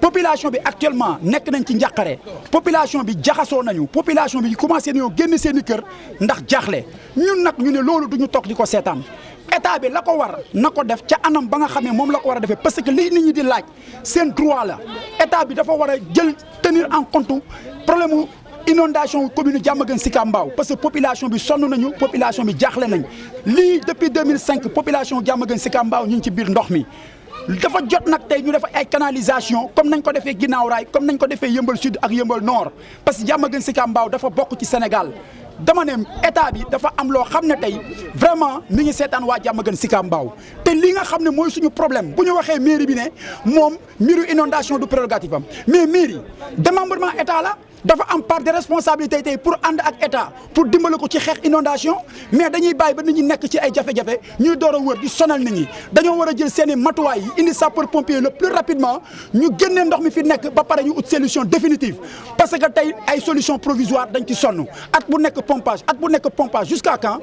population bi actuellement nek nañ ci njàqare population bi jaxasso nañu population bi commencé ñu génn seen i kër ndax jaxlé ñun nak ñu né lolu duñu tok diko sétane état bi lako ko war na def ca anam ba nga xamé mom lako wara défé parce que li nit ñi di laaj seen droit la état bi dafa wara jël tenir en compte problème inondation commune Diamaguène Sicap parce que population bi sonn nañu population bi jaxlé nañ li depuis 2005 population Diamaguène Sicap ñu ci bir ndox mi dafa jot nak tay ñu dafa ay canalisation comme nañ ko defee ginaaw ray comme nañ ko defee yëmbal sud ak yëmbal nord parce que Diamaguène Sicap Mbao dafa bokku ci Sénégal dama ne état bi dafa am lo xamné tay vraiment mi ngi wa waa Diamaguène Sicap Mbao te li nga xamné moy suñu problème bu ñu waxee mairie bi né mom miru inondation du prérogative am mais mairie démembrement état la dafa am part de responsabilité pour and ak état pour démolir ko ci inondation mais dañuy bay ba nit ñi nek ci ay jafé Nous ñuy nous wër di sonal nit ñi wara jël le plus rapidement ñu devons ndox mi fi nek ba solution définitive parce que tay ay solution provisoire dañ ci bu pompage pompage jusqu'à quand